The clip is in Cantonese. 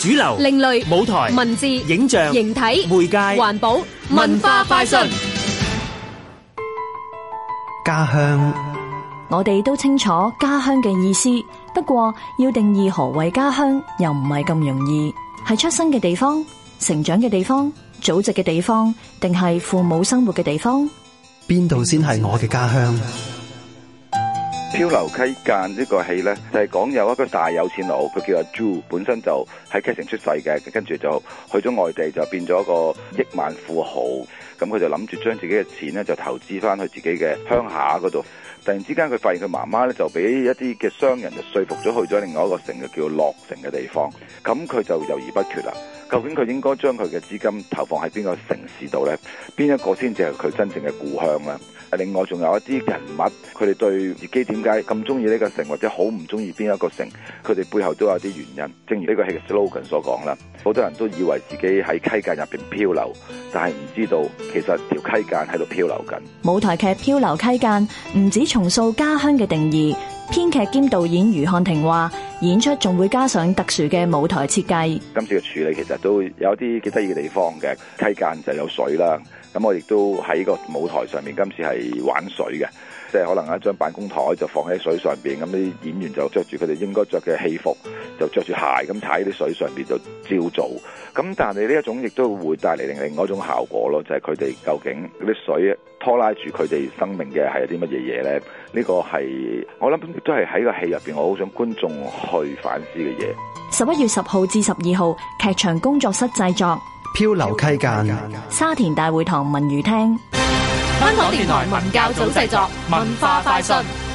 主流、另類、舞台、文字、影像、形體、媒介、環保、文化快訊、家鄉。我哋都清楚家鄉嘅意思，不過要定義何謂家鄉又唔係咁容易。係出生嘅地方、成長嘅地方、祖籍嘅地方，定係父母生活嘅地方？邊度先係我嘅家鄉？漂流溪間呢、這個戲呢，就係、是、講有一個大有錢佬，佢叫阿 Joe 本身就喺溪城出世嘅，跟住就去咗外地，就變咗個億萬富豪。咁佢就諗住將自己嘅錢呢，就投資翻去自己嘅鄉下嗰度。突然之間，佢發現佢媽媽呢，就俾一啲嘅商人就說服咗去咗另外一個城，就叫洛城嘅地方。咁佢就猶豫不決啦。究竟佢應該將佢嘅資金投放喺邊個城市度呢？邊一個先至係佢真正嘅故鄉啊？另外仲有一啲人物，佢哋對自己點解咁中意呢個城或者好唔中意邊一個城？佢哋背後都有啲原因。正如呢個係 slogan 所講啦，好多人都以為自己喺溪澗入邊漂流，但係唔知道其實條溪澗喺度漂流緊。舞台劇漂流溪澗，唔止重塑家鄉嘅定義。編劇兼導演余漢庭話。演出仲會加上特殊嘅舞台設計。今次嘅處理其實都有啲幾得意嘅地方嘅，梯間就有水啦。咁我亦都喺個舞台上面，今次係玩水嘅，即係可能一張辦公台就放喺水上邊，咁啲演員就着住佢哋應該着嘅戲服，就着住鞋咁踩喺啲水上邊就照做。咁但係呢一種亦都會帶嚟另另外一種效果咯，就係佢哋究竟啲水拖拉住佢哋生命嘅係啲乜嘢嘢咧？呢、這個係我諗都係喺個戲入邊，我好想觀眾。去反思嘅嘢。十一月十號至十二號，劇場工作室製作《漂流溪間》，沙田大會堂文娛廳，香港電台文教組製作文化快訊。